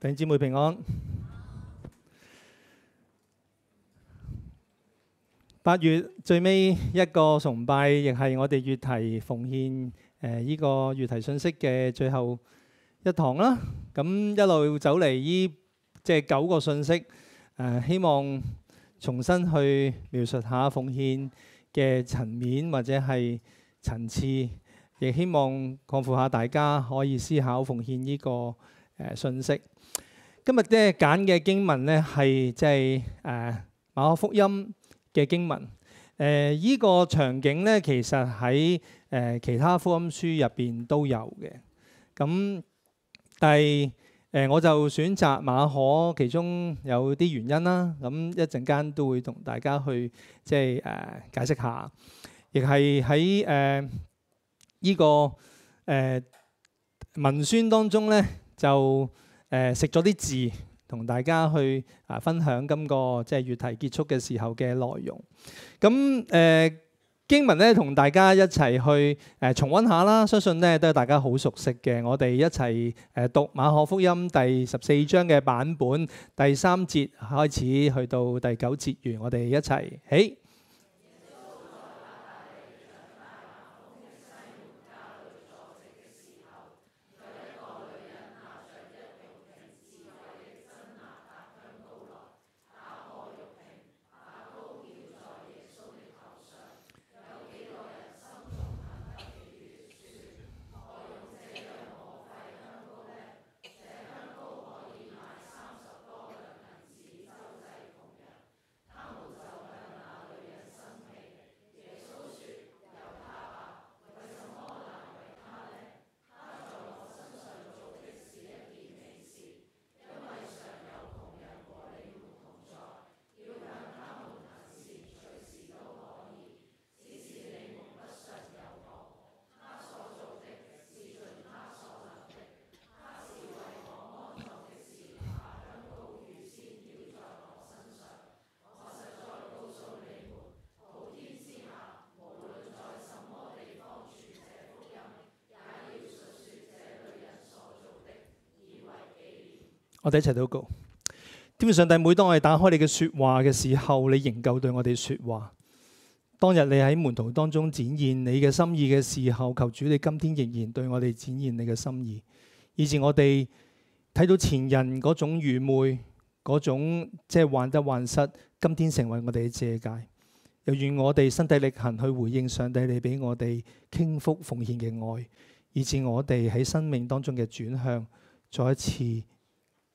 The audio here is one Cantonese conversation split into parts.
弟兄姊妹平安。八月最尾一個崇拜，亦係我哋月題奉獻誒呢個月題信息嘅最後一堂啦。咁、嗯、一路走嚟呢即係九個信息誒、呃，希望重新去描述下奉獻嘅層面或者係層次，亦希望擴闊下大家可以思考奉獻呢、這個誒、呃、信息。今日咧，揀嘅經文咧，係即係誒馬可福音嘅經文。誒依個場景咧，其實喺誒其他福音書入邊都有嘅。咁但係誒我就選擇馬可其中有啲原因啦。咁一陣間都會同大家去即係誒解釋下。亦係喺誒依個誒文宣當中咧就。誒食咗啲字，同大家去啊分享今、這個即係月題結束嘅時候嘅內容。咁誒、呃、經文咧，同大家一齊去誒、呃、重溫下啦。相信咧都係大家好熟悉嘅。我哋一齊誒讀馬可福音第十四章嘅版本，第三節開始去到第九節完。我哋一齊起，起。我哋一齊禱告。天父上帝，每當我哋打開你嘅說話嘅時候，你仍舊對我哋說話。當日你喺門徒當中展現你嘅心意嘅時候，求主你今天仍然對我哋展現你嘅心意。以至我哋睇到前人嗰種愚昧，嗰種即係患得患失，今天成為我哋嘅借鑒。又願我哋身體力行去回應上帝你俾我哋傾覆奉獻嘅愛，以至我哋喺生命當中嘅轉向，再一次。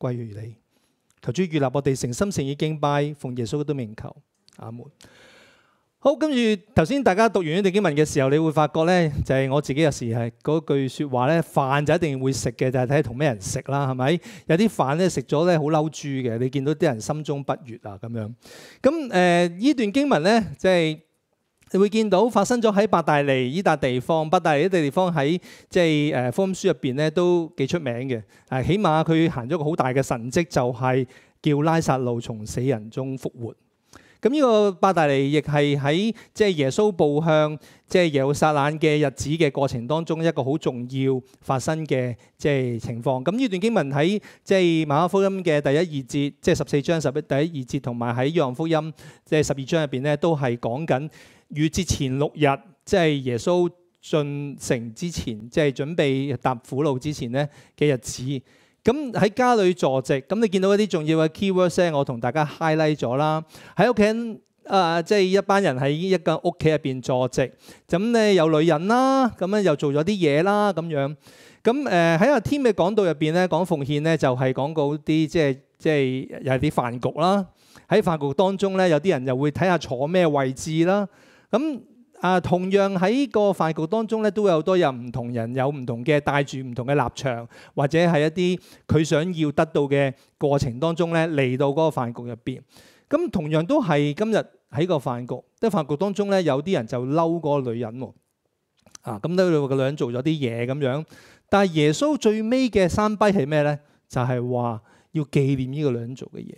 歸於你，求主接納我哋誠心誠意敬拜，奉耶穌嘅名求，阿門。好，跟住頭先大家讀完呢段經文嘅時候，你會發覺咧，就係、是、我自己有時係嗰句說話咧，飯就一定會食嘅，就係睇下同咩人食啦，係咪？有啲飯咧食咗咧好嬲豬嘅，你見到啲人心中不悦啊咁樣。咁誒，呢、呃、段經文咧，即係。你會見到發生咗喺伯大尼呢笪地方，伯大尼呢笪地方喺即係誒福音書入邊咧都幾出名嘅。啊，起碼佢行咗個好大嘅神蹟，就係、是、叫拉撒路從死人中復活。咁、這、呢個伯大尼亦係喺即係耶穌步向即係耶路撒冷嘅日子嘅過程當中一個好重要發生嘅即係情況。咁呢段經文喺即係馬可福音嘅第一二節，即係十四章十一第一二節，同埋喺約翰福音即係十二章入邊咧都係講緊。逾越節前六日，即係耶穌進城之前，即係準備踏苦路之前咧嘅日子。咁喺家裏坐席，咁你見到一啲重要嘅 key words，我同大家 highlight 咗啦。喺屋企啊，即、呃、係、就是、一班人喺一間屋企入邊坐席。咁咧有女人啦，咁樣又做咗啲嘢啦，咁樣。咁誒喺阿添嘅講道入邊咧，講奉獻咧就係講到啲即係即係又係啲飯局啦。喺飯局當中咧，有啲人又會睇下坐咩位置啦。咁啊，同樣喺個飯局當中咧，都有好多又唔同人，有唔同嘅帶住唔同嘅立場，或者係一啲佢想要得到嘅過程當中咧，嚟到嗰個飯局入邊。咁同樣都係今日喺個飯局，即係飯局當中咧，有啲人就嬲嗰個女人喎。啊，咁、嗯、呢個女人做咗啲嘢咁樣，但係耶穌最尾嘅三拜係咩咧？就係、是、話要紀念呢個女人做嘅嘢。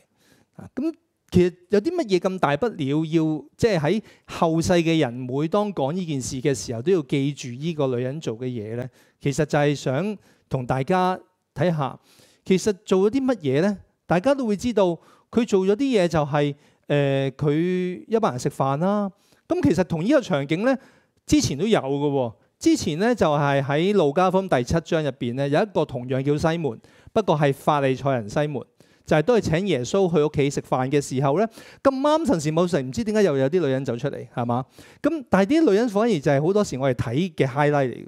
啊，咁、嗯。其實有啲乜嘢咁大不了要，要即係喺後世嘅人每當講呢件事嘅時候，都要記住呢個女人做嘅嘢呢。其實就係想同大家睇下，其實做咗啲乜嘢呢？大家都會知道佢做咗啲嘢就係、是、誒，佢、呃、一班人食飯啦。咁、嗯、其實同呢個場景呢，之前都有嘅喎、啊。之前呢，就係、是、喺路加福音第七章入邊呢，有一個同樣叫西門，不過係法利賽人西門。就係都係請耶穌去屋企食飯嘅時候咧，咁啱神時冇食，唔知點解又有啲女人走出嚟，係嘛？咁但係啲女人反而就係好多時我哋睇嘅 highlight 嚟嘅。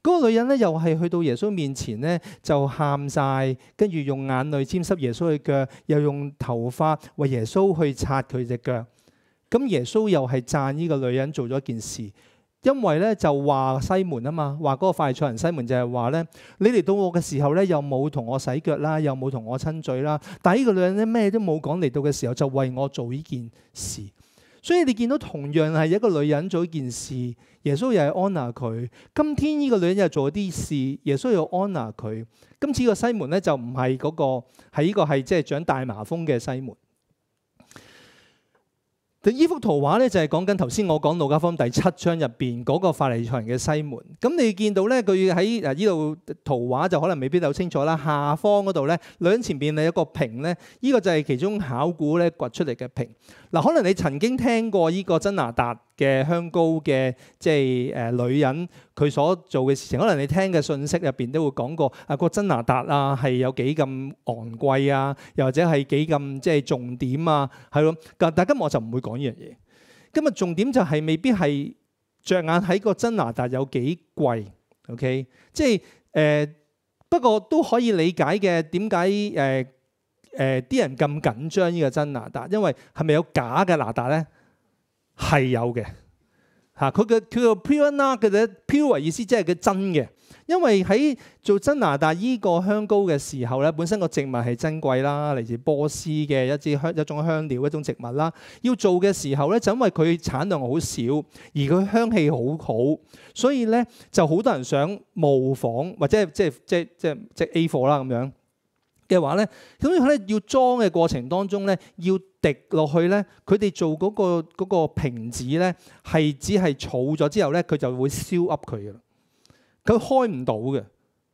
嗰、那個女人咧又係去到耶穌面前咧就喊晒，跟住用眼淚沾濕耶穌嘅腳，又用頭髮為耶穌去擦佢隻腳。咁耶穌又係讚呢個女人做咗件事。因為咧就話西門啊嘛，話嗰個法利賽人西門就係話咧，你嚟到我嘅時候咧，又冇同我洗腳啦，又冇同我親嘴啦。但係呢個女人咧，咩都冇講，嚟到嘅時候就為我做呢件事。所以你見到同樣係一個女人做一件事，耶穌又安娜佢。今天呢個女人又做啲事，耶穌又安娜佢。今次個西門咧就唔係嗰個喺個係即係長大麻風嘅西門。依幅圖畫咧就係講緊頭先我講《路加福音》第七章入邊嗰個法利賽人嘅西門。咁你見到咧，佢喺誒依度圖畫就可能未必好清楚啦。下方嗰度咧，兩前邊係一個瓶咧，呢、這個就係其中考古咧掘出嚟嘅瓶。嗱，可能你曾經聽過呢個真拿達嘅香膏嘅，即係誒、呃、女人佢所做嘅事情，可能你聽嘅信息入邊都會講過啊個真拿達啊，係、這個啊、有幾咁昂貴啊，又或者係幾咁即係重點啊，係咯？但但今日我就唔會講呢樣嘢。今日重點就係未必係着眼喺個真拿達有幾貴，OK？即係誒、呃，不過都可以理解嘅點解誒。呃誒啲、呃、人咁緊張呢個真拿達，因為係咪有假嘅拿達咧？係有嘅嚇。佢、啊、嘅佢個 pure and rare 嘅咧，pure 意思即係佢真嘅。因為喺做真拿達依個香膏嘅時候咧，本身個植物係珍貴啦，嚟自波斯嘅一枝香、一種香料、一種植物啦。要做嘅時候咧，就因為佢產量好少，而佢香氣好好，所以咧就好多人想模仿或者即係即係即係即係 A 貨啦咁樣。嘅話咧，咁樣咧要裝嘅過程當中咧，要滴落去咧，佢哋做嗰個嗰個瓶子咧，係只係儲咗之後咧，佢就會燒噏佢噶啦，佢開唔到嘅，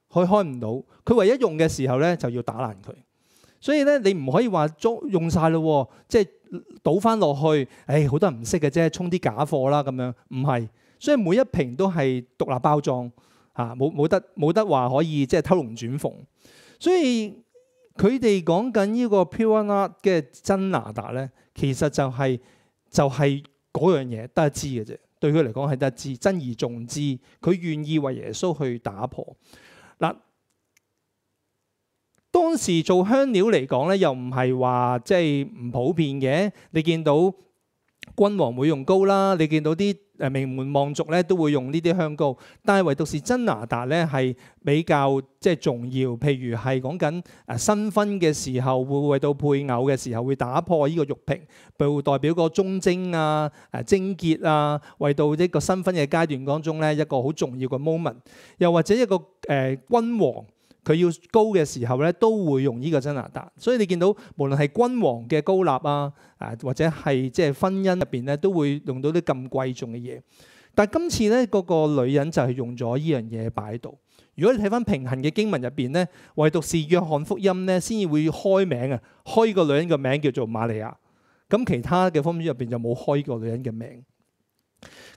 佢開唔到，佢唯一用嘅時候咧就要打爛佢，所以咧你唔可以話裝用曬咯，即係倒翻落去，誒、哎，好多人唔識嘅啫，充啲假貨啦咁樣，唔係，所以每一瓶都係獨立包裝嚇，冇、啊、冇得冇得話可以即係偷龍轉鳳，所以。佢哋講緊呢個 pure nard 嘅真拿達咧，其實就係、是、就係、是、嗰樣嘢得一知嘅啫。對佢嚟講係得一知，珍而重之。佢願意為耶穌去打破嗱。當時做香料嚟講咧，又唔係話即係唔普遍嘅。你見到。君王會用膏啦，你見到啲誒名門望族咧都會用呢啲香膏，但係唯獨是真拿達咧係比較即係重要。譬如係講緊誒新婚嘅時候，會，會為到配偶嘅時候會打破呢個玉瓶，代表個忠貞啊、誒貞潔啊，為到呢個新婚嘅階段當中咧一個好重要嘅 moment，又或者一個誒、呃、君王。佢要膏嘅時候咧，都會用呢個真拿達。所以你見到，無論係君王嘅膏立啊，啊或者係即係婚姻入邊咧，都會用到啲咁貴重嘅嘢。但今次咧，嗰、那個女人就係用咗呢樣嘢擺喺度。如果你睇翻平行嘅經文入邊咧，唯獨是約翰福音咧，先至會開名啊，開呢個女人嘅名叫做瑪利亞。咁其他嘅方面入邊就冇開呢個女人嘅名。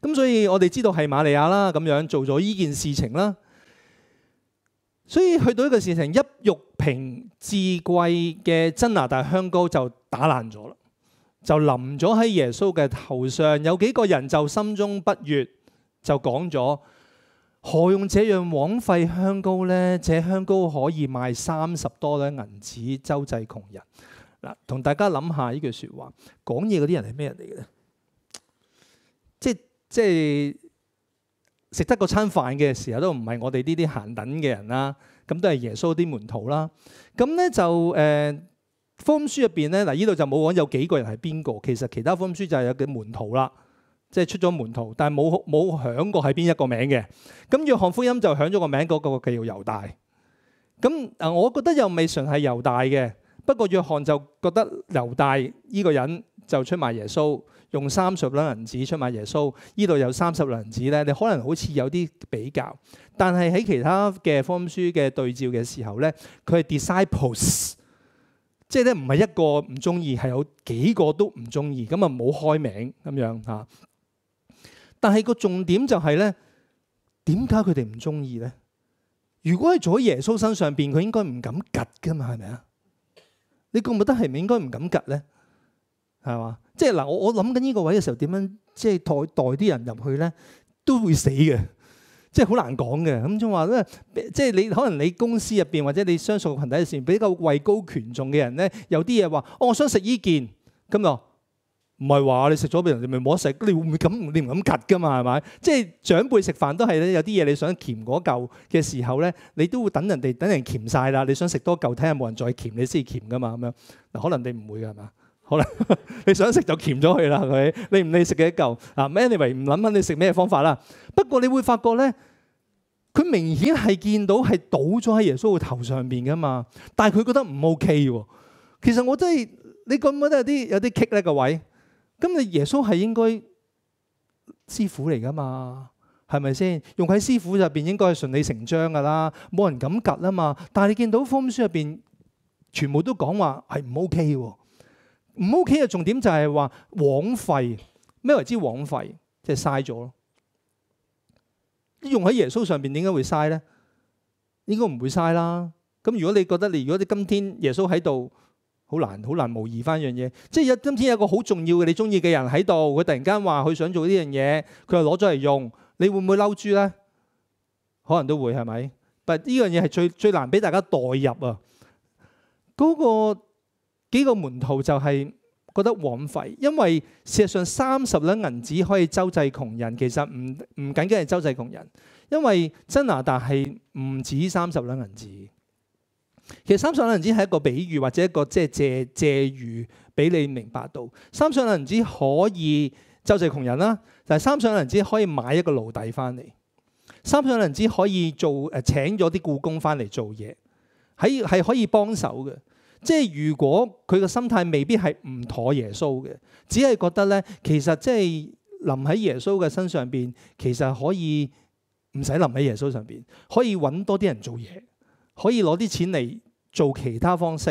咁所以我哋知道係瑪利亞啦，咁樣做咗呢件事情啦。所以去到呢個事情，一玉瓶至貴嘅真拿達香膏就打爛咗啦，就淋咗喺耶穌嘅頭上。有幾個人就心中不悦，就講咗：何用這樣枉費香膏呢？這香膏可以賣三十多兩銀子，周濟窮人。嗱，同大家諗下呢句説話，講嘢嗰啲人係咩人嚟嘅咧？即即。食得嗰餐飯嘅時候都唔係我哋呢啲閒等嘅人啦，咁都係耶穌啲門徒啦。咁咧就誒、呃，福音書入邊咧，嗱，依度就冇講有，有幾個人係邊個？其實其他福音書就係有嘅門徒啦，即係出咗門徒，但係冇冇響過係邊一個名嘅。咁約翰福音就響咗個名，嗰個叫猶大。咁啊，我覺得又未純係猶大嘅，不過約翰就覺得猶大依個人就出賣耶穌。用三十兩銀紙出賣耶穌，依度有三十兩銀紙咧，你可能好似有啲比較，但係喺其他嘅福音書嘅對照嘅時候咧，佢係 disciples，即係咧唔係一個唔中意，係有幾個都唔中意，咁啊冇開名咁樣嚇。但係個重點就係咧，點解佢哋唔中意咧？如果係做喺耶穌身上邊，佢應該唔敢夾噶嘛，係咪啊？你覺唔覺得係咪應該唔敢夾咧？係嘛？即係嗱，我我諗緊呢個位嘅時候點樣即係代代啲人入去咧，都會死嘅，即係好難講嘅。咁仲係話咧，即係你可能你公司入邊或者你相熟羣體入邊比較位高權重嘅人咧，有啲嘢話，哦，我想食呢件咁咯，唔係話你食咗俾人哋咪冇得食，你會唔會咁？你唔敢夾噶嘛，係咪？即係長輩食飯都係咧，有啲嘢你想鉗嗰嚿嘅時候咧，你都會等人哋等人鉗晒啦。你想食多嚿睇下冇人再鉗你先鉗噶嘛，咁樣嗱，可能你唔會㗎，係嘛？好啦，你想食就鉛咗佢啦，係咪？你唔理食嘅一嚿？啊，Anyway 唔諗下你食咩方法啦？不過你會發覺咧，佢明顯係見到係倒咗喺耶穌嘅頭上邊噶嘛。但係佢覺得唔 OK 喎。其實我真係你覺唔覺得有啲有啲棘咧個位？咁你耶穌係應該師傅嚟噶嘛？係咪先？用喺師傅入邊應該係順理成章噶啦，冇人敢夾啊嘛。但係你見到福音書入邊全部都講話係唔 OK 喎。唔 OK 嘅重點就係話枉費咩為之枉費？即係嘥咗咯。用喺耶穌上面點解會嘥咧？應該唔會嘥啦。咁如果你覺得你如果你今天耶穌喺度，好難好難模擬翻樣嘢。即係有今天有個好重要嘅你中意嘅人喺度，佢突然間話佢想做呢樣嘢，佢又攞咗嚟用，你會唔會嬲豬咧？可能都會，係咪？但係呢樣嘢係最最難俾大家代入啊！嗰、那個幾個門徒就係覺得枉費，因為事實上三十兩銀子可以周濟窮人，其實唔唔僅僅係周濟窮人，因為真拿達係唔止三十兩銀子。其實三十兩銀子係一個比喻或者一個即係借借喻俾你明白到，三十兩銀子可以周濟窮人啦，但係三十兩銀子可以買一個奴隸翻嚟，三十兩銀子可以做誒、呃、請咗啲僱工翻嚟做嘢，喺係可以幫手嘅。即係，如果佢嘅心態未必係唔妥耶穌嘅，只係覺得咧，其實即係臨喺耶穌嘅身上邊，其實可以唔使臨喺耶穌上邊，可以揾多啲人做嘢，可以攞啲錢嚟做其他方式。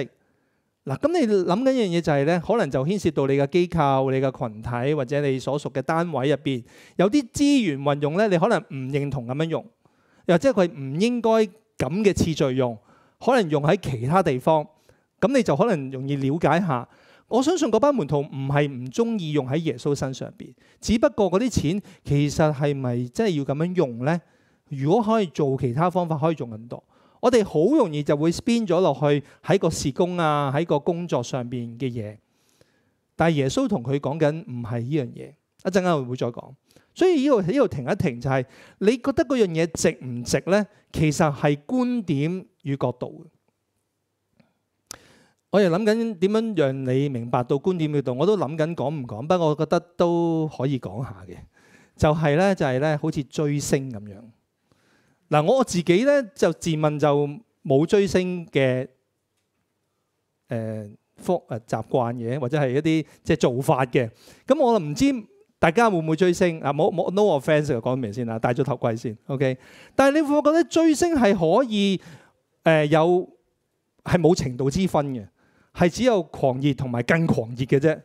嗱，咁你諗緊一樣嘢就係咧，可能就牽涉到你嘅機構、你嘅群體或者你所屬嘅單位入邊有啲資源運用咧，你可能唔認同咁樣用，又或者佢唔應該咁嘅次序用，可能用喺其他地方。咁你就可能容易了解下。我相信嗰班門徒唔係唔中意用喺耶穌身上邊，只不過嗰啲錢其實係咪真係要咁樣用呢？如果可以做其他方法，可以用更多。我哋好容易就會 spend 咗落去喺個事工啊，喺個工作上邊嘅嘢。但係耶穌同佢講緊唔係呢樣嘢。一陣間會再講。所以呢度喺度停一停，就係，就係你覺得嗰樣嘢值唔值呢？其實係觀點與角度。我又諗緊點樣讓你明白到觀點嗰度，我都諗緊講唔講，不過我覺得都可以講下嘅，就係咧就係咧好似追星咁樣。嗱，我自己咧就自問就冇追星嘅誒習誒習慣嘅，或者係一啲即係做法嘅。咁我唔知大家會唔會追星啊？冇冇？No offence，講明先啦，戴咗頭盔先。OK，但係你會唔會覺得追星係可以誒有係冇程度之分嘅？係只有狂熱同埋更狂熱嘅啫，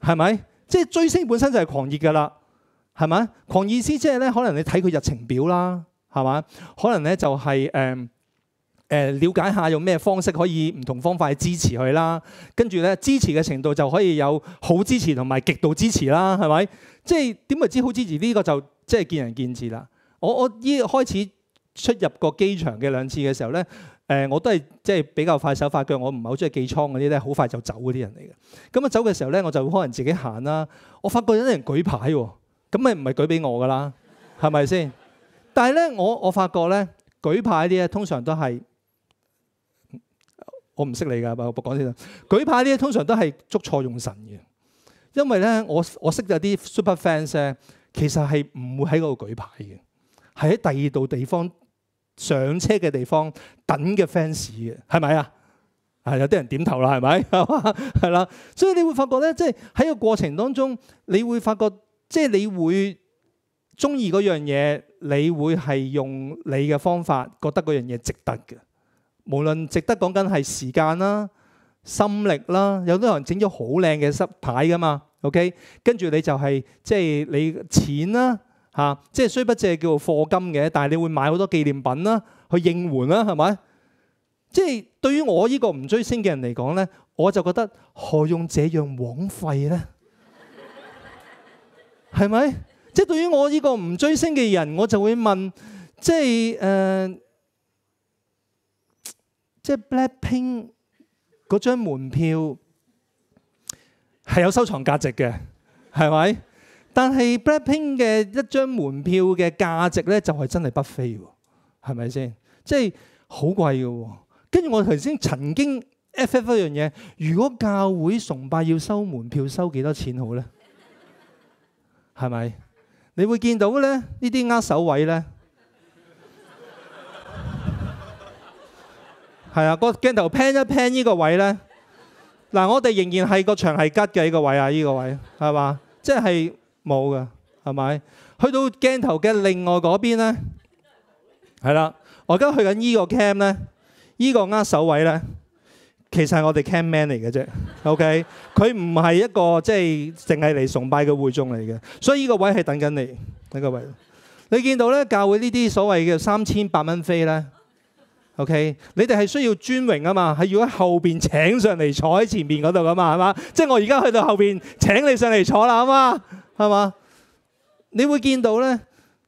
係咪？即係追星本身就係狂熱嘅啦，係咪？狂熱意思即係咧，可能你睇佢日程表啦，係嘛？可能咧就係誒誒，呃呃、瞭解下用咩方式可以唔同方法去支持佢啦。跟住咧，支持嘅程度就可以有好支持同埋極度支持啦，係咪？即係點咪知好支持呢個就即係見仁見智啦。我我依開始出入個機場嘅兩次嘅時候咧。誒、呃，我都係即係比較快手快腳我，我唔係好中意寄倉嗰啲咧，好快就走嗰啲人嚟嘅。咁啊走嘅時候咧，我就可能自己行啦、啊。我發覺有啲人舉牌喎、啊，咁咪唔係舉俾我噶啦，係咪先？但係咧，我我發覺咧，舉牌啲咧，通常都係我唔識你㗎，我講先啦。舉牌啲咧，通常都係捉錯用神嘅，因為咧，我我識有啲 super fans 咧，其實係唔會喺嗰度舉牌嘅，係喺第二度地方。上車嘅地方等嘅 fans 嘅係咪啊？係有啲人點頭啦，係咪係嘛？係啦， 所以你會發覺咧，即係喺個過程當中，你會發覺即係、就是、你會中意嗰樣嘢，你會係用你嘅方法覺得嗰樣嘢值得嘅。無論值得講緊係時間啦、心力啦，有啲人整咗好靚嘅濕牌噶嘛。OK，跟住你就係即係你錢啦。嚇，即係雖不借叫做課金嘅，但係你會買好多紀念品啦，去應援啦，係咪？即係對於我呢個唔追星嘅人嚟講咧，我就覺得何用這樣枉費咧？係咪？即係對於我呢個唔追星嘅人，我就會問，即係誒、呃，即係 Blackpink 嗰張門票係有收藏價值嘅，係咪？但係 Blackpink 嘅一張門票嘅價值咧，就係真係不菲喎，係咪先？即係好貴嘅喎。跟住我頭先曾經 FF 一樣嘢，如果教會崇拜要收門票，收幾多錢好咧？係咪？你會見到咧？呢啲握手位咧，係 啊，個鏡頭 pan 一 pan 呢個位咧。嗱，我哋仍然係個場係吉嘅呢個位啊，呢個位係嘛？即係。冇噶，係咪？去到鏡頭嘅另外嗰邊咧，係啦。 我而家去緊依個 cam 咧，依個握手位咧，其實係我哋 camman 嚟嘅啫。OK，佢唔係一個即係淨係嚟崇拜嘅會眾嚟嘅，所以依個位係等緊你呢個位。你見到咧，教會呢啲所謂嘅三千八蚊飛咧，OK，你哋係需要尊榮啊嘛，係要喺後邊請上嚟坐喺前面嗰度噶嘛，係嘛？即係我而家去到後邊請你上嚟坐啦，好嘛？係嘛？你會見到咧，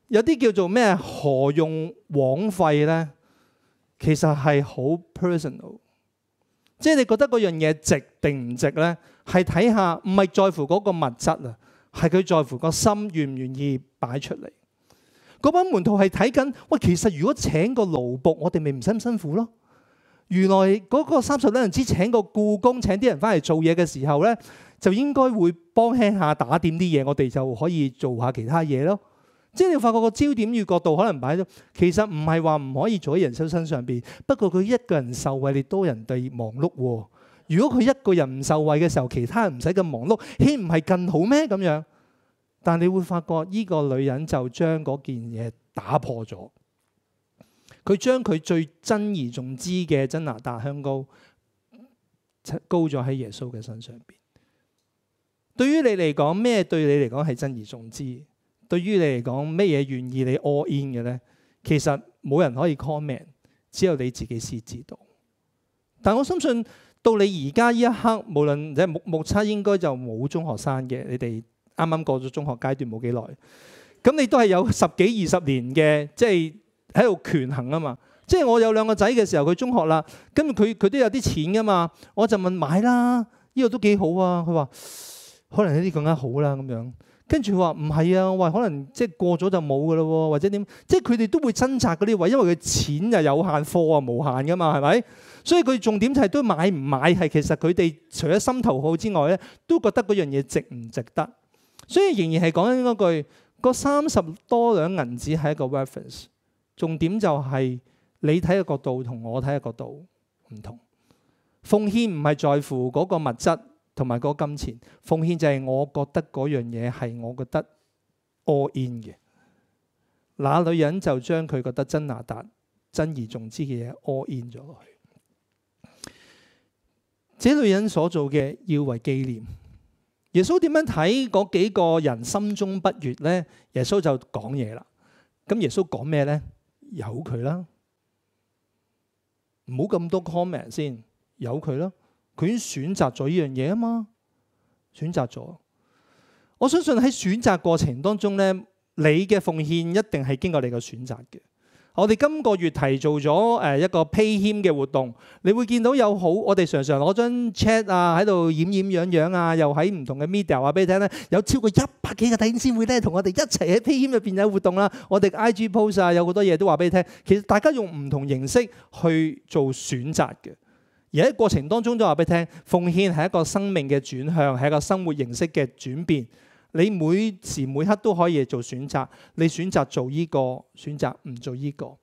有啲叫做咩？何用枉費咧？其實係好 personal，即係你覺得嗰樣嘢值定唔值咧？係睇下，唔係在乎嗰個物質啊，係佢在乎個心願唔願意擺出嚟。嗰班門徒係睇緊，喂，其實如果請個奴僕，我哋咪唔辛辛苦咯？原來嗰個三十兩人只請個僱工，請啲人翻嚟做嘢嘅時候咧。就應該會幫輕下打點啲嘢，我哋就可以做下其他嘢咯。即係你發覺個焦點與角度可能擺咗，其實唔係話唔可以做喺耶穌身上邊。不過佢一個人受惠，你多人對忙碌喎、啊。如果佢一個人唔受惠嘅時候，其他人唔使咁忙碌，豈唔係更好咩？咁樣，但你會發覺呢個女人就將嗰件嘢打破咗。佢將佢最而珍而重之嘅真拿達香膏高咗喺耶穌嘅身上邊。對於你嚟講咩，對你嚟講係珍而重之？對於你嚟講咩嘢願意你 all in 嘅咧？其實冇人可以 comment，只有你自己先知道。但我相信到你而家呢一刻，無論即目目測應該就冇中學生嘅。你哋啱啱過咗中學階段冇幾耐，咁你都係有十幾二十年嘅，即係喺度權衡啊嘛。即係我有兩個仔嘅時候，佢中學啦，跟佢佢都有啲錢噶嘛，我就問買啦，呢個都幾好啊。佢話。可能呢啲更加好啦、啊、咁樣，跟住話唔係啊，喂，可能即係過咗就冇噶咯喎，或者點？即係佢哋都會掙扎嗰啲位，因為佢錢又有限貨啊，無限噶嘛，係咪？所以佢重點就係、是、都買唔買係其實佢哋除咗心頭好之外咧，都覺得嗰樣嘢值唔值得。所以仍然係講緊嗰句，嗰三十多兩銀紙係一個 reference。重點就係、是、你睇嘅角度同我睇嘅角度唔同。奉獻唔係在乎嗰個物質。同埋嗰金錢奉獻就係我覺得嗰樣嘢係我覺得 all in 嘅。那女人就將佢覺得真拿達、珍而重之嘅嘢 all in 咗落去。這女人所做嘅要為紀念。耶穌點樣睇嗰幾個人心中不悅咧？耶穌就講嘢啦。咁耶穌講咩咧？由佢啦，唔好咁多 comment 先，由佢啦。佢已經選擇咗依樣嘢啊嘛，選擇咗。我相信喺選擇過程當中咧，你嘅奉獻一定係經過你嘅選擇嘅。我哋今個月提做咗誒、呃、一個 pay 謙嘅活動，你會見到有好，我哋常常攞張 chat 啊喺度掩掩嚷嚷啊，又喺唔同嘅 media 話俾你聽咧，有超過一百幾個弟兄姊妹咧同我哋一齊喺 pay 謙入變體活動啦。我哋 IG post 啊，有好多嘢都話俾你聽。其實大家用唔同形式去做選擇嘅。而喺過程當中都話俾你聽，奉獻係一個生命嘅轉向，係一個生活形式嘅轉變。你每時每刻都可以做選擇，你選擇做呢個，選擇唔做呢個，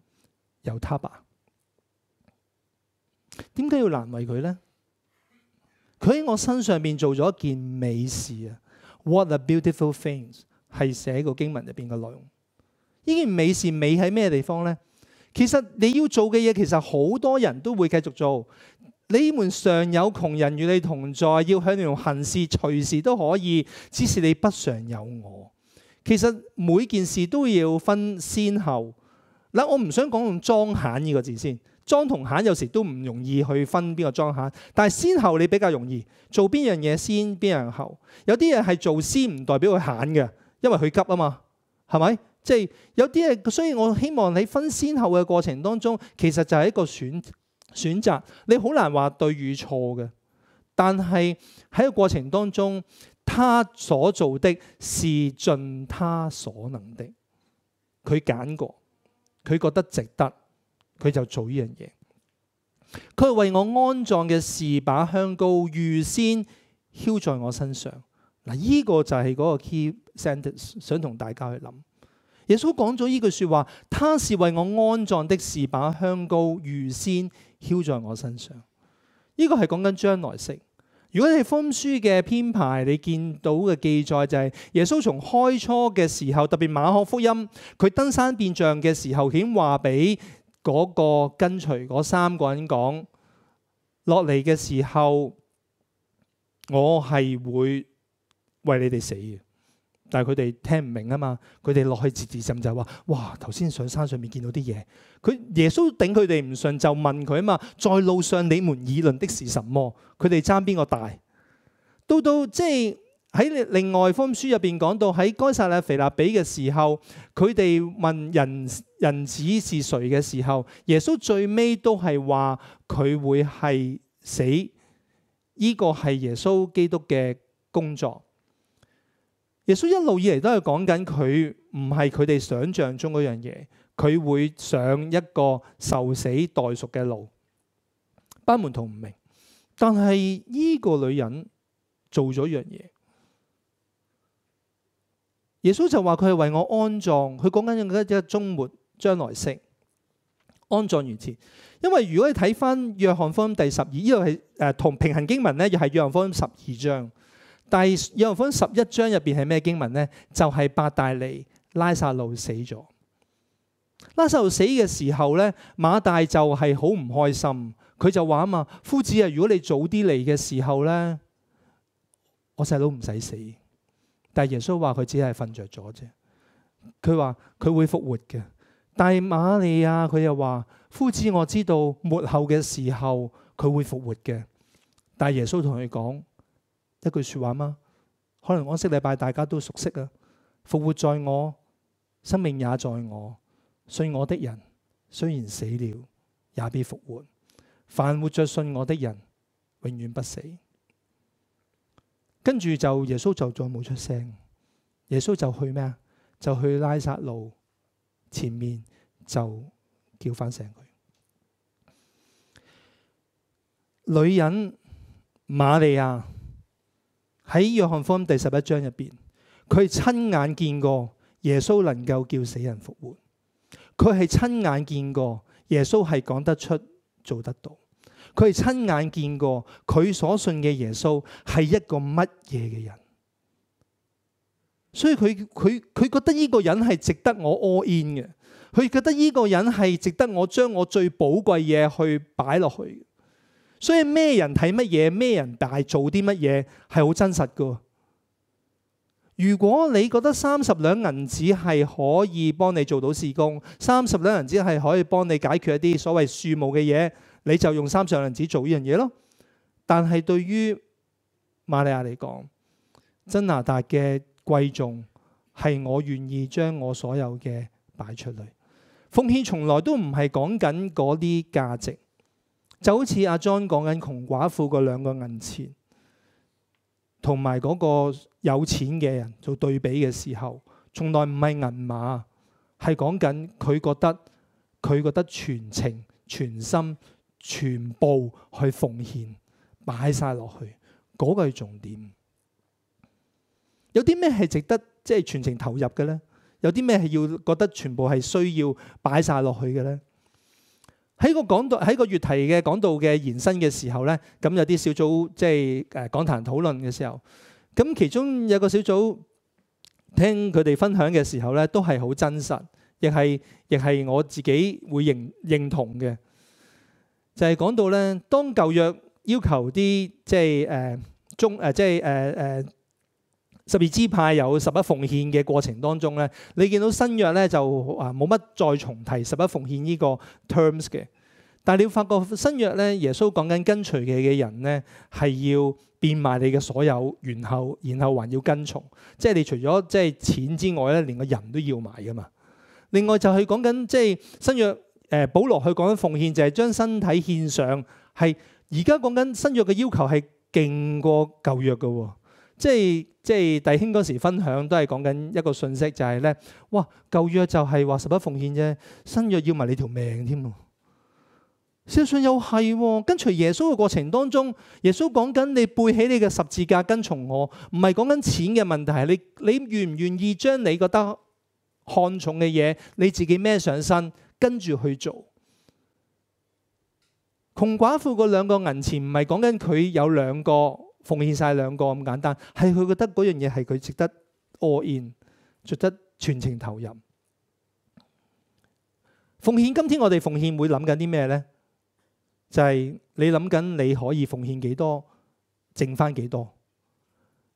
由他吧。點解要難為佢呢？佢喺我身上面做咗一件美事啊！What a beautiful things 係寫喺個經文入邊嘅內容。呢件美事美喺咩地方呢？其實你要做嘅嘢，其實好多人都會繼續做。你們常有窮人與你同在，要向你用行事，隨時都可以，只是你不常有我。其實每件事都要分先後。嗱，我唔想講用「裝閒」呢個字先，裝同閒有時都唔容易去分邊個裝閒。但係先後你比較容易，做邊樣嘢先，邊樣後。有啲嘢係做先唔代表佢閒嘅，因為佢急啊嘛，係咪？即係有啲嘢，所以我希望喺分先後嘅過程當中，其實就係一個選。選擇你好難話對與錯嘅，但係喺個過程當中，他所做的是盡他所能的。佢揀過，佢覺得值得，佢就做呢樣嘢。佢為我安葬嘅事把香膏預先澆在我身上。嗱，呢個就係嗰個 key sentence，想同大家去諗。耶穌講咗呢句說話，他是為我安葬的事把香膏預先。這個挑在我身上，呢個係講緊將來式。如果你福音書嘅編排，你見到嘅記載就係耶穌從開初嘅時候，特別馬可福音，佢登山變像嘅時候，顯話俾嗰個跟隨嗰三個人講，落嚟嘅時候，我係會為你哋死嘅。但係佢哋聽唔明啊嘛，佢哋落去自自信就話：哇！頭先上山上面見到啲嘢，佢耶穌頂佢哋唔順，就問佢啊嘛。在路上你們議論的是什麼？佢哋爭邊個大？到到即係喺另外一封書入邊講到喺該撒利亞腓立比嘅時候，佢哋問人，人子是誰嘅時候，耶穌最尾都係話佢會係死。呢個係耶穌基督嘅工作。耶穌一路以嚟都係講緊佢唔係佢哋想象中嗰樣嘢，佢會上一個受死代贖嘅路。班門徒唔明，但係呢個女人做咗樣嘢，耶穌就話佢係為我安葬。佢講緊嘅一一個終末將來式安葬原前。因為如果你睇翻約翰福音第十二，呢度係誒同平行經文咧，又係約翰福音十二章。第約翰福音十一章入邊係咩經文呢？就係伯大尼拉撒路死咗。拉撒路死嘅時候呢，馬大就係好唔開心，佢就話啊嘛，夫子啊，如果你早啲嚟嘅時候呢，我細佬唔使死。但耶穌話佢只係瞓着咗啫，佢話佢會復活嘅。但係瑪利亞佢又話，夫子我知道末後嘅時候佢會復活嘅。但係耶穌同佢講。一句說話嗎？可能安息禮拜大家都熟悉啊。復活在我，生命也在我。信我的人雖然死了，也必復活。凡活着信我的人，永遠不死。跟住就耶穌就再冇出聲。耶穌就去咩啊？就去拉撒路前面就叫翻醒佢。女人瑪利亞。喺約翰福音第十一章入邊，佢親眼見過耶穌能夠叫死人復活，佢係親眼見過耶穌係講得出、做得到，佢係親眼見過佢所信嘅耶穌係一個乜嘢嘅人，所以佢佢佢覺得呢個人係值得我 all in 嘅，佢覺得呢個人係值得我將我最寶貴嘢去擺落去。所以咩人睇乜嘢，咩人大做啲乜嘢，係好真實噶。如果你覺得三十兩銀紙係可以幫你做到事工，三十兩銀紙係可以幫你解決一啲所謂樹木嘅嘢，你就用三十兩銀紙做呢樣嘢咯。但係對於瑪利亞嚟講，真拿達嘅貴重係我願意將我所有嘅擺出嚟奉獻，從來都唔係講緊嗰啲價值。就好似阿 John 講緊窮寡婦個兩個銀錢，同埋嗰個有錢嘅人做對比嘅時候，從來唔係銀碼，係講緊佢覺得佢覺得全程全心全部去奉獻，擺晒落去嗰、那個係重點。有啲咩係值得即係、就是、全程投入嘅呢？有啲咩係要覺得全部係需要擺晒落去嘅呢？喺個講道，喺個月題嘅講道嘅延伸嘅時候咧，咁有啲小組即係誒講壇討論嘅時候，咁其中有個小組聽佢哋分享嘅時候咧，都係好真實，亦係亦係我自己會認認同嘅，就係講到咧，當舊約要求啲即係誒中誒即係誒誒。十二支派有十一奉獻嘅過程當中咧，你見到新約咧就啊冇乜再重提十一奉獻呢個 terms 嘅。但係你要發覺新約咧，耶穌講緊跟隨佢嘅人咧係要變賣你嘅所有，然後然後還要跟從。即係你除咗即係錢之外咧，連個人都要埋噶嘛。另外就係講緊即係新約誒、呃、保羅去講緊奉獻，就係將身體獻上。係而家講緊新約嘅要求係勁過舊約噶、哦。即係即係弟兄嗰時分享都係講緊一個信息，就係、是、咧，哇舊約就係話十一奉獻啫，新約要埋你條命添、啊、喎。事實上又係、啊、跟隨耶穌嘅過程當中，耶穌講緊你背起你嘅十字架跟從我，唔係講緊錢嘅問題，你你願唔願意將你覺得看重嘅嘢你自己孭上身，跟住去做。窮寡婦個兩個銀錢唔係講緊佢有兩個。奉獻晒兩個咁簡單，係佢覺得嗰樣嘢係佢值得 all in，值得全情投入。奉獻今天我哋奉獻會諗緊啲咩呢？就係你諗緊你可以奉獻幾多，剩翻幾多？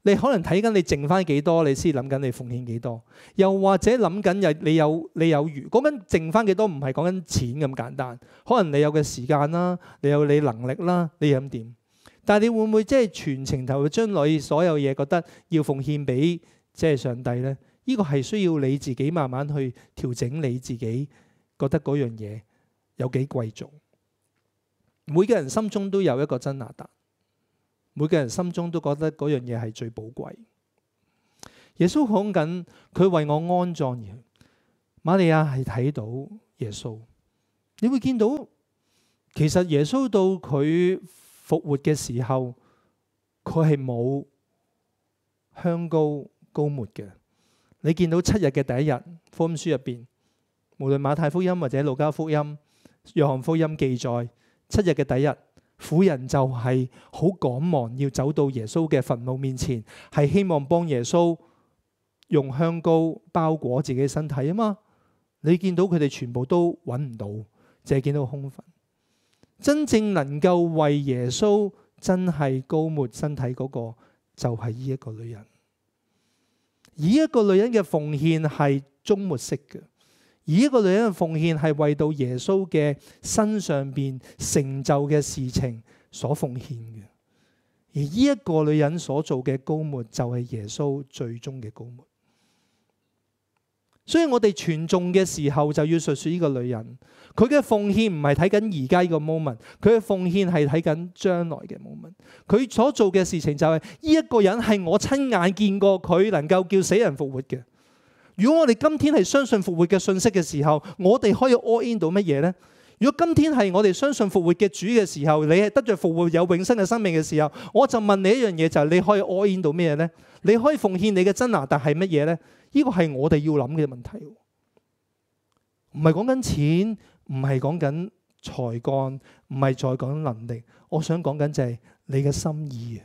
你可能睇緊你剩翻幾多，你先諗緊你奉獻幾多。又或者諗緊又你有你有餘，講緊剩翻幾多唔係講緊錢咁簡單，可能你有嘅時間啦，你有你能力啦，你又咁點？但你會唔會即係全程投入將你所有嘢，覺得要奉獻俾即係上帝呢？呢、呢個係需要你自己慢慢去調整，你自己覺得嗰樣嘢有幾貴重。每個人心中都有一個真拿達，每個人心中都覺得嗰樣嘢係最寶貴。耶穌講緊佢為我安葬而，瑪利亞係睇到耶穌，你會見到其實耶穌到佢。復活嘅時候，佢係冇香膏膏抹嘅。你見到七日嘅第一日，福音書入邊，無論馬太福音或者路加福音、約翰福音記載，七日嘅第一日，婦人就係好趕忙要走到耶穌嘅墳墓面前，係希望幫耶穌用香膏包裹自己身體啊嘛。你見到佢哋全部都揾唔到，淨係見到空真正能夠為耶穌真係膏抹身體嗰、那個，就係依一個女人。而一個女人嘅奉獻係終末式嘅，而一個女人嘅奉獻係為到耶穌嘅身上面成就嘅事情所奉獻嘅，而依一個女人所做嘅膏抹就係耶穌最終嘅膏抹。所以我哋傳頌嘅時候就要述說呢個女人，佢嘅奉獻唔係睇緊而家呢個 moment，佢嘅奉獻係睇緊將來嘅 moment。佢所做嘅事情就係呢一個人係我親眼見過佢能夠叫死人復活嘅。如果我哋今天係相信復活嘅信息，嘅時候，我哋可以 all in 到乜嘢呢？如果今天係我哋相信復活嘅主嘅時候，你係得着復活有永生嘅生命嘅時候，我就問你一樣嘢，就是，就係你可以 all in 到咩呢？你可以奉獻你嘅真拿達係乜嘢呢？呢個係我哋要諗嘅問題，唔係講緊錢，唔係講緊才幹，唔係再講能力。我想講緊就係你嘅心意。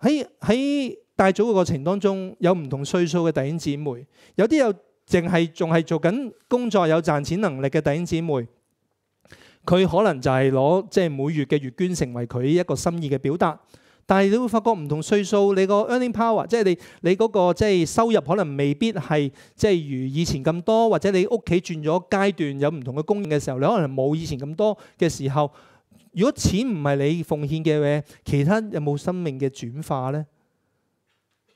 喺喺大組嘅過程當中，有唔同歲數嘅弟兄姊妹，有啲有淨係仲係做緊工作有賺錢能力嘅弟兄姊妹，佢可能就係攞即係每月嘅月捐成為佢一個心意嘅表達。但係你會發覺唔同歲數，你個 earning power，即係你你嗰個即係收入，可能未必係即係如以前咁多，或者你屋企轉咗階段，有唔同嘅供應嘅時候，你可能冇以前咁多嘅時候。如果錢唔係你奉獻嘅嘢，其他有冇生命嘅轉化呢？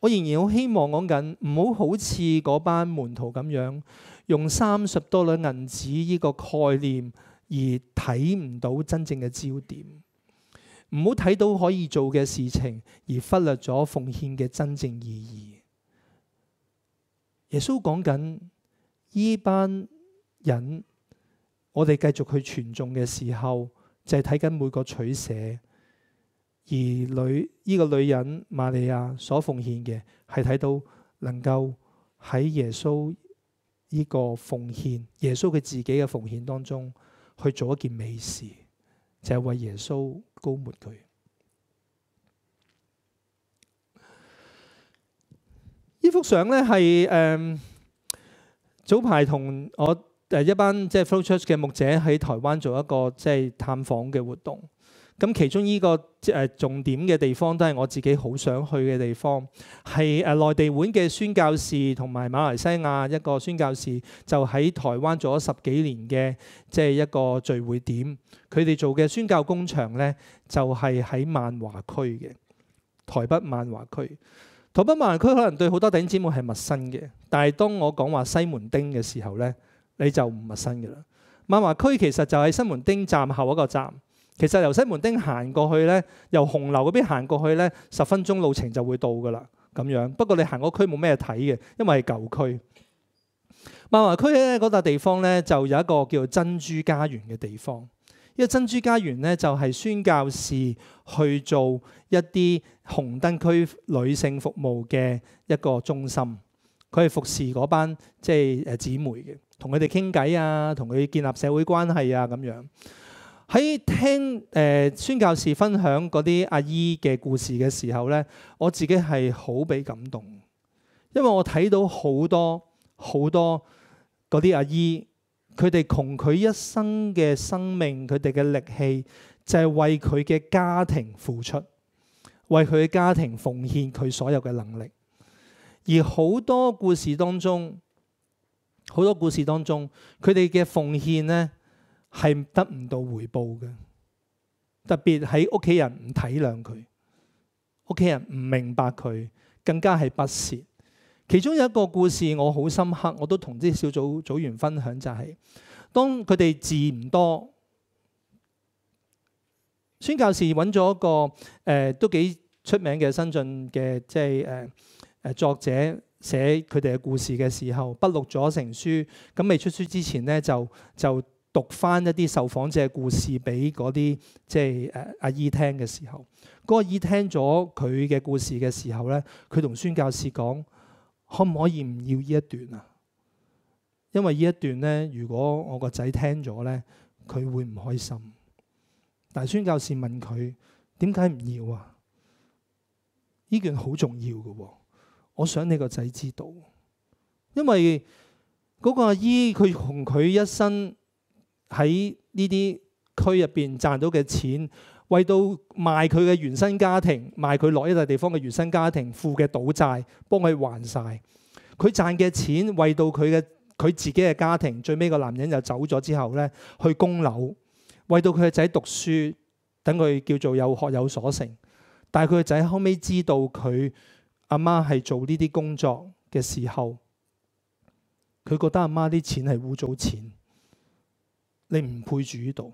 我仍然好希望講緊唔好好似嗰班門徒咁樣，用三十多兩銀紙呢個概念而睇唔到真正嘅焦點。唔好睇到可以做嘅事情而忽略咗奉獻嘅真正意義。耶穌講緊呢班人，我哋繼續去傳頌嘅時候，就係睇緊每個取捨。而女呢、呢個女人瑪利亞所奉獻嘅，係睇到能夠喺耶穌呢個奉獻，耶穌佢自己嘅奉獻當中去做一件美事。就係為耶穌膏抹佢，呢幅相咧，係誒、呃、早排同我誒、呃、一班即係 flow church 嘅牧者喺台灣做一個即係、就是、探訪嘅活動。咁其中依個誒重點嘅地方都係我自己好想去嘅地方，係誒內地會嘅宣教士同埋馬來西亞一個宣教士就喺台灣做咗十幾年嘅，即係一個聚會點。佢哋做嘅宣教工場咧，就係喺萬華區嘅台北萬華區。台北萬華區可能對好多頂尖們係陌生嘅，但係當我講話西門町嘅時候咧，你就唔陌生嘅啦。萬華區其實就喺西門町站後一個站。其實由西門町行過去咧，由紅樓嗰邊行過去咧，十分鐘路程就會到噶啦，咁樣。不過你行嗰區冇咩睇嘅，因為係舊區。萬華區咧嗰笪地方咧，就有一個叫做珍珠家園嘅地方。呢個珍珠家園咧，就係宣教士去做一啲紅燈區女性服務嘅一個中心，佢係服侍嗰班即係誒姊妹嘅，同佢哋傾偈啊，同佢哋建立社會關係啊，咁樣。喺聽誒孫、呃、教士分享嗰啲阿姨嘅故事嘅時候咧，我自己係好被感動，因為我睇到好多好多嗰啲阿姨，佢哋窮佢一生嘅生命，佢哋嘅力氣就係、是、為佢嘅家庭付出，為佢嘅家庭奉獻佢所有嘅能力。而好多故事當中，好多故事當中，佢哋嘅奉獻咧，係得唔到回報嘅，特別喺屋企人唔體諒佢，屋企人唔明白佢，更加係不屑。其中有一個故事我好深刻，我都同啲小組組員分享就係，當佢哋字唔多，宣教士揾咗一個誒、呃、都幾出名嘅新晉嘅即係誒、呃、作者寫佢哋嘅故事嘅時候，筆錄咗成書。咁未出書之前呢，就就。讀翻一啲受訪者嘅故事俾嗰啲即係、呃、阿姨聽嘅時候，嗰、嗰個阿姨聽咗佢嘅故事嘅時候呢，佢同宣教士講：可唔可以唔要呢一段啊？因為呢一段呢，如果我個仔聽咗呢，佢會唔開心。但係宣教士問佢點解唔要啊？呢段好重要㗎喎、哦，我想你個仔知道，因為嗰個阿姨佢同佢一生。喺呢啲區入邊賺到嘅錢，為到賣佢嘅原生家庭，賣佢落一笪地方嘅原生家庭付嘅賭債，幫佢還晒。佢賺嘅錢，為到佢嘅佢自己嘅家庭。最尾個男人又走咗之後呢，去供樓，為到佢嘅仔讀書，等佢叫做有學有所成。但係佢個仔後尾知道佢阿媽係做呢啲工作嘅時候，佢覺得阿媽啲錢係污糟錢。你唔配住呢度，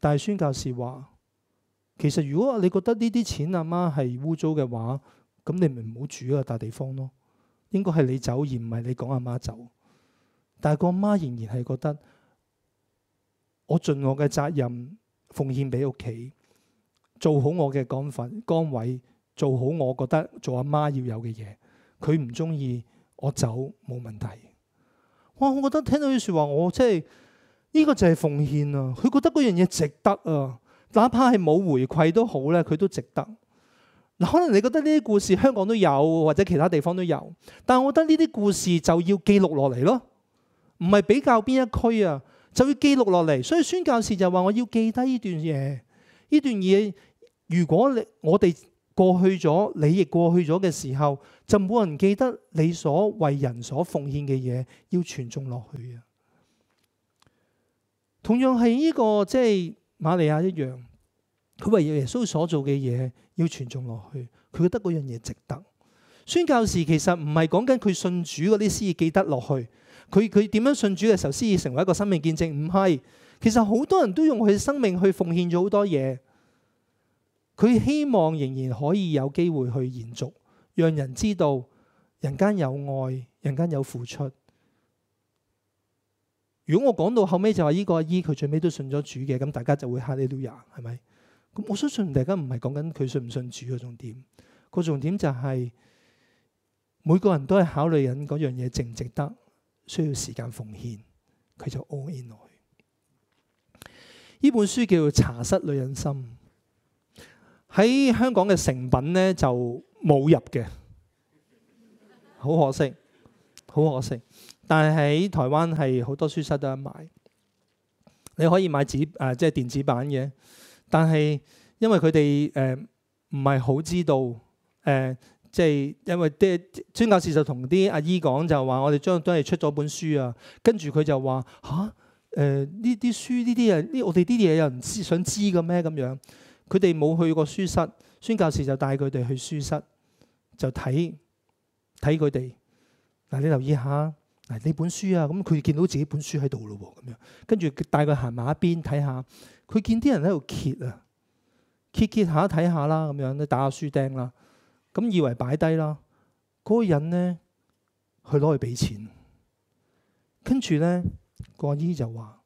但係宣教士話，其實如果你覺得呢啲錢阿媽係污糟嘅話，咁你咪唔好住呢個大地方咯。應該係你走而唔係你講阿媽走。但係個阿媽仍然係覺得，我盡我嘅責任奉獻俾屋企，做好我嘅崗份崗位，做好我覺得做阿媽要有嘅嘢。佢唔中意我走冇問題。哇！我覺得聽到啲說話，我即係。呢個就係奉獻啊！佢覺得嗰樣嘢值得啊，哪怕係冇回饋都好咧，佢都值得。可能你覺得呢啲故事香港都有，或者其他地方都有，但係我覺得呢啲故事就要記錄落嚟咯，唔係比較邊一區啊，就要記錄落嚟。所以宣教士就話：我要記得呢段嘢，呢段嘢，如果你我哋過去咗，你亦過去咗嘅時候，就冇人記得你所為人所奉獻嘅嘢，要傳頌落去啊！同樣係呢個，即係馬利亞一樣，佢為耶穌所做嘅嘢要傳頌落去，佢覺得嗰樣嘢值得。宣教士其實唔係講緊佢信主嗰啲事記得落去，佢佢點樣信主嘅時候，先至成為一個生命見證。唔係，其實好多人都用佢生命去奉獻咗好多嘢，佢希望仍然可以有機會去延續，讓人知道人間有愛，人間有付出。如果我講到後尾就話呢個阿姨佢最尾都信咗主嘅，咁大家就會哈利路亞，係咪？咁我相信大家唔係講緊佢信唔信主嘅重點，個重點就係每個人都係考慮緊嗰樣嘢值唔值得，需要時間奉獻，佢就 all in 落去。呢本書叫《茶室女人心》，喺香港嘅成品咧就冇入嘅，好可惜，好可惜。但係喺台灣係好多書室都有賣，你可以買紙啊、呃，即係電子版嘅。但係因為佢哋誒唔係好知道誒，即、呃、係、呃即係、因為啲孫教士就同啲阿姨講就話：我哋將都係出咗本書啊。跟住佢就話吓，誒呢啲書呢啲啊呢我哋呢啲嘢有人知想知嘅咩咁樣？佢哋冇去過書室，孫教士就帶佢哋去書室就睇睇佢哋嗱，你留意下。嗱，呢本書啊，咁佢見到自己本書喺度咯喎，咁樣跟住帶佢行埋一邊睇下，佢見啲人喺度揭啊，揭揭下睇下啦，咁樣咧打下書釘啦，咁以為擺低啦，嗰個人咧去攞去俾錢，跟住咧個阿姨就話：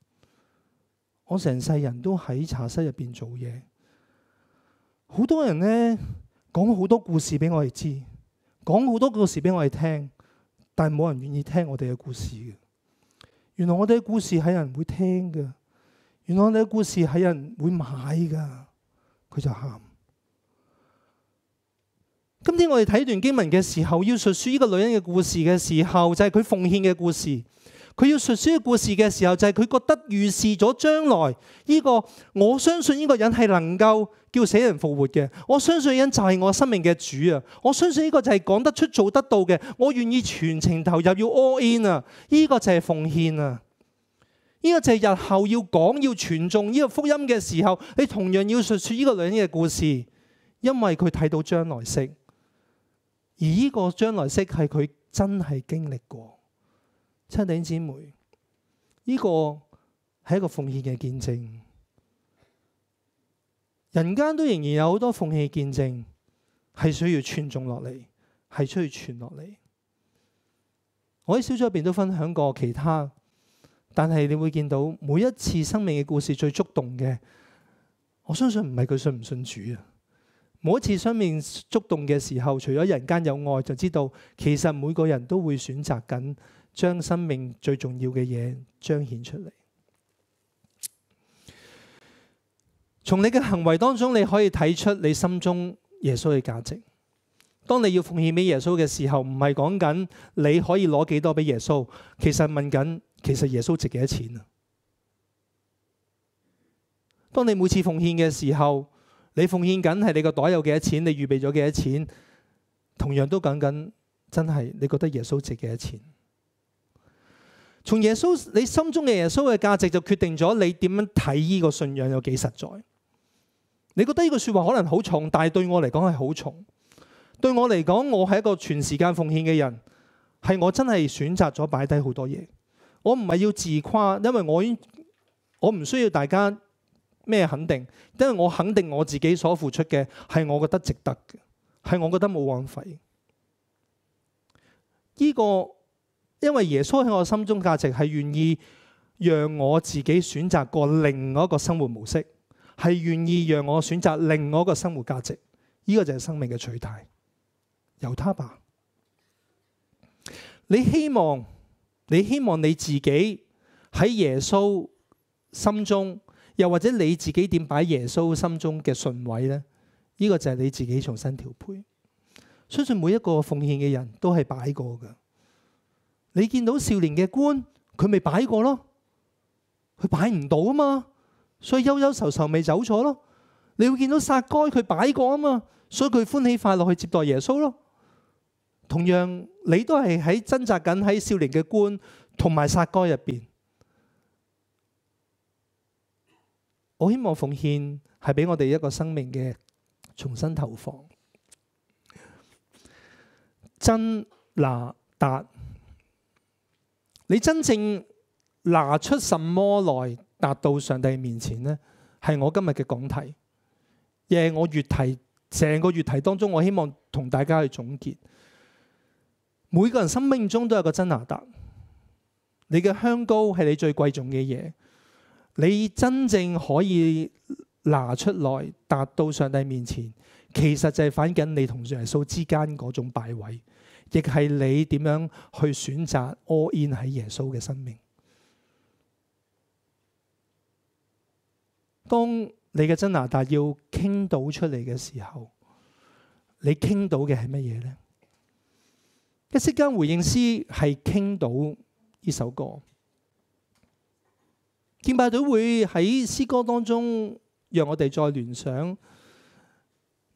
我成世人都喺茶室入邊做嘢，好多人咧講好多故事俾我哋知，講好多故事俾我哋聽。但係冇人願意聽我哋嘅故事，原來我哋嘅故事係有人會聽噶，原來我哋嘅故事係有人會買噶，佢就喊。今天我哋睇段經文嘅時候，要述說呢個女人嘅故事嘅時候，就係佢奉獻嘅故事。佢要述說嘅故事嘅時候，就係佢覺得預示咗將來呢個，我相信呢個人係能夠叫死人復活嘅。我相信呢個人就係我生命嘅主啊！我相信呢個就係講得出、做得到嘅。我願意全程投入，要 all in 啊！呢個就係奉獻啊！呢個就係日後要講、要傳頌呢個福音嘅時候，你同樣要述說呢個女人嘅故事，因為佢睇到將來式，而呢個將來式係佢真係經歷過。七頂姊妹，呢、這個係一個奉獻嘅見證。人間都仍然有好多奉獻見證，係需要傳頌落嚟，係需要傳落嚟。我喺小組入邊都分享過其他，但係你會見到每一次生命嘅故事最觸動嘅，我相信唔係佢信唔信主啊。每一次生命觸動嘅時候，除咗人間有愛，就知道其實每個人都會選擇緊。將生命最重要嘅嘢，彰顯出嚟。從你嘅行為當中，你可以睇出你心中耶穌嘅價值。當你要奉獻俾耶穌嘅時候，唔係講緊你可以攞幾多俾耶穌，其實問緊其實耶穌值幾多錢啊？當你每次奉獻嘅時候，你奉獻緊係你個袋有幾多錢，你預備咗幾多錢，同樣都講緊真係你覺得耶穌值幾多錢？從耶穌你心中嘅耶穌嘅價值就決定咗你點樣睇呢個信仰有幾實在？你覺得呢個說話可能好重，但係對我嚟講係好重。對我嚟講，我係一個全時間奉獻嘅人，係我真係選擇咗擺低好多嘢。我唔係要自誇，因為我我唔需要大家咩肯定，因為我肯定我自己所付出嘅係我覺得值得嘅，係我覺得冇枉費。呢個。因為耶穌喺我心中價值係願意讓我自己選擇過另外一個生活模式，係願意讓我選擇另外一個生活價值，呢、這個就係生命嘅取替，由他吧。你希望，你希望你自己喺耶穌心中，又或者你自己點擺耶穌心中嘅順位呢？呢、這個就係你自己重新調配。相信每一個奉獻嘅人都係擺過噶。你見到少年嘅官，佢咪擺過咯，佢擺唔到啊嘛，所以憂憂愁愁未走咗咯。你會見到撒該佢擺過啊嘛，所以佢歡喜快樂去接待耶穌咯。同樣你都係喺掙扎緊喺少年嘅官同埋撒該入邊，我希望奉獻係俾我哋一個生命嘅重新投放。真拿達。你真正拿出什麼來達到上帝面前呢？係我今日嘅講題，亦我月題成個月題當中，我希望同大家去總結。每個人生命中都有個真拿達，你嘅香膏係你最貴重嘅嘢。你真正可以拿出來達到上帝面前，其實就係反緊你同耶穌之間嗰種擺位。亦係你點樣去選擇 all in 喺耶穌嘅生命？當你嘅真拿達要傾倒出嚟嘅時候，你傾倒嘅係乜嘢呢？一息間回應詩係傾倒呢首歌，敬拜隊會喺詩歌當中讓我哋再聯想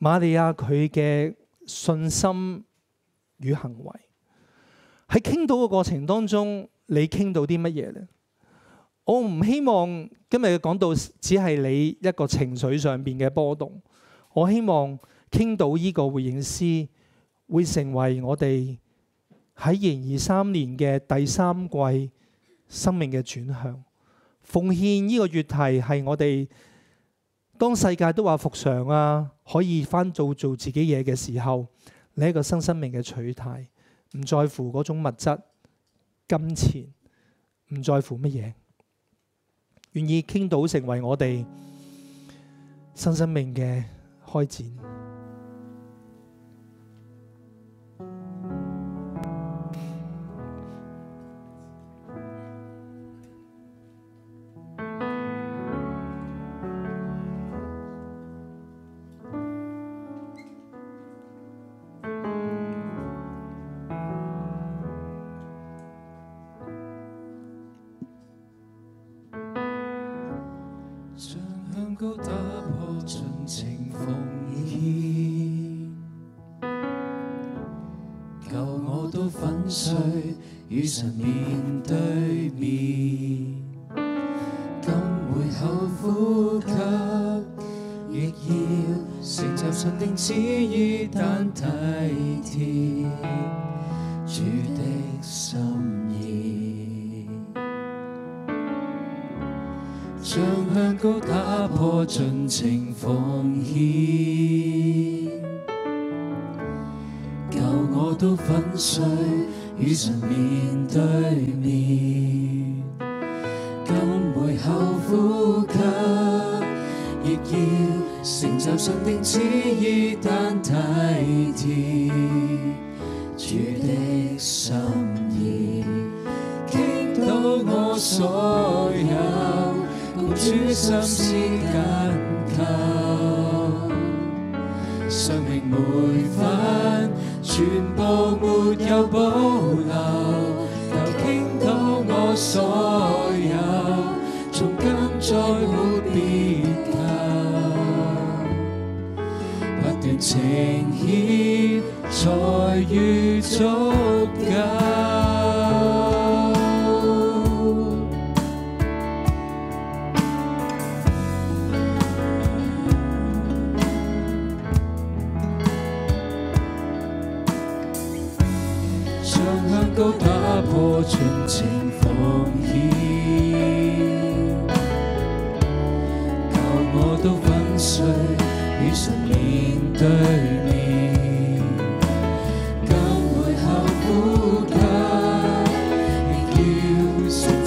瑪利亞佢嘅信心。與行為，喺傾到嘅過程當中，你傾到啲乜嘢呢？我唔希望今日嘅講道只係你一個情緒上面嘅波動。我希望傾到呢個回應師會成為我哋喺二零二三年嘅第三季生命嘅轉向。奉獻呢個月題係我哋當世界都話復常啊，可以翻做做自己嘢嘅時候，你一個新生，生命嘅取態，唔在乎嗰種物質、金錢，唔在乎乜嘢，願意傾倒成為我哋新生，生命嘅開展。將香膏打破盡情奉獻，舊我都粉碎，與神面對面，感會後呼吸，亦要成就神的旨意，但體貼主的心，主心思緊扣，生命每分全部沒有保留，求傾倒我所有，從今再沒別求，不斷呈獻才遇足夠。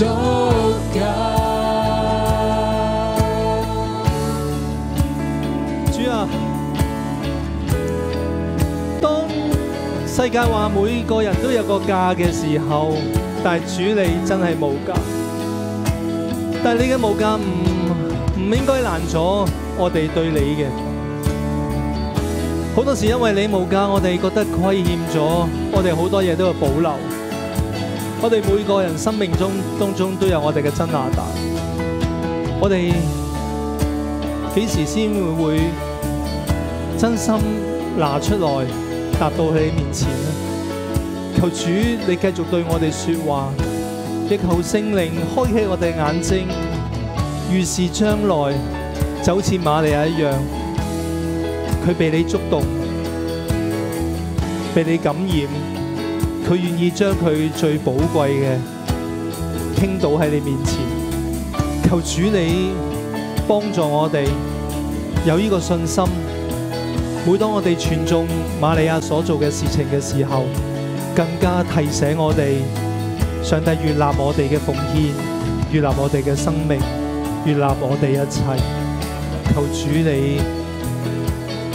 足夠。主啊，當世界話每個人都有個價嘅時候，但係主你真係無價。但你嘅無價唔唔應該攔阻我哋對你嘅。好多時因為你無價，我哋覺得虧欠咗，我哋好多嘢都要保留。我哋每個人生命中當中都有我哋嘅真拿達。我哋幾時先會真心拿出來達到喺你面前？求主你繼續對我哋說話，亦求聖靈開啟我哋眼睛，預示將來，就好似瑪利亞一樣，佢被你觸動，被你感染。佢願意將佢最寶貴嘅傾倒喺你面前，求主你幫助我哋有呢個信心。每當我哋傳頌瑪利亞所做嘅事情嘅時候，更加提醒我哋，上帝悅納我哋嘅奉獻，悅納我哋嘅生命，悅納我哋一切。求主你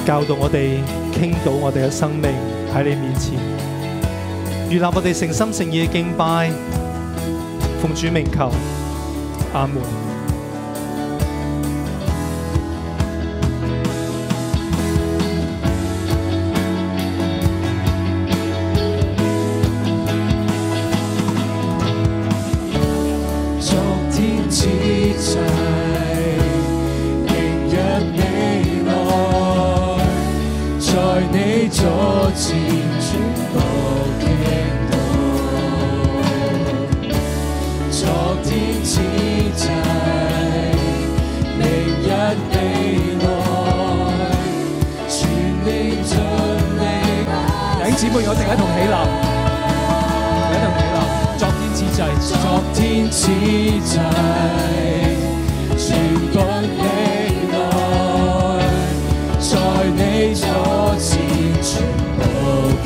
教導我哋傾倒我哋嘅生命喺你面前。如立我哋誠心誠意嘅敬拜，奉主名求，阿門。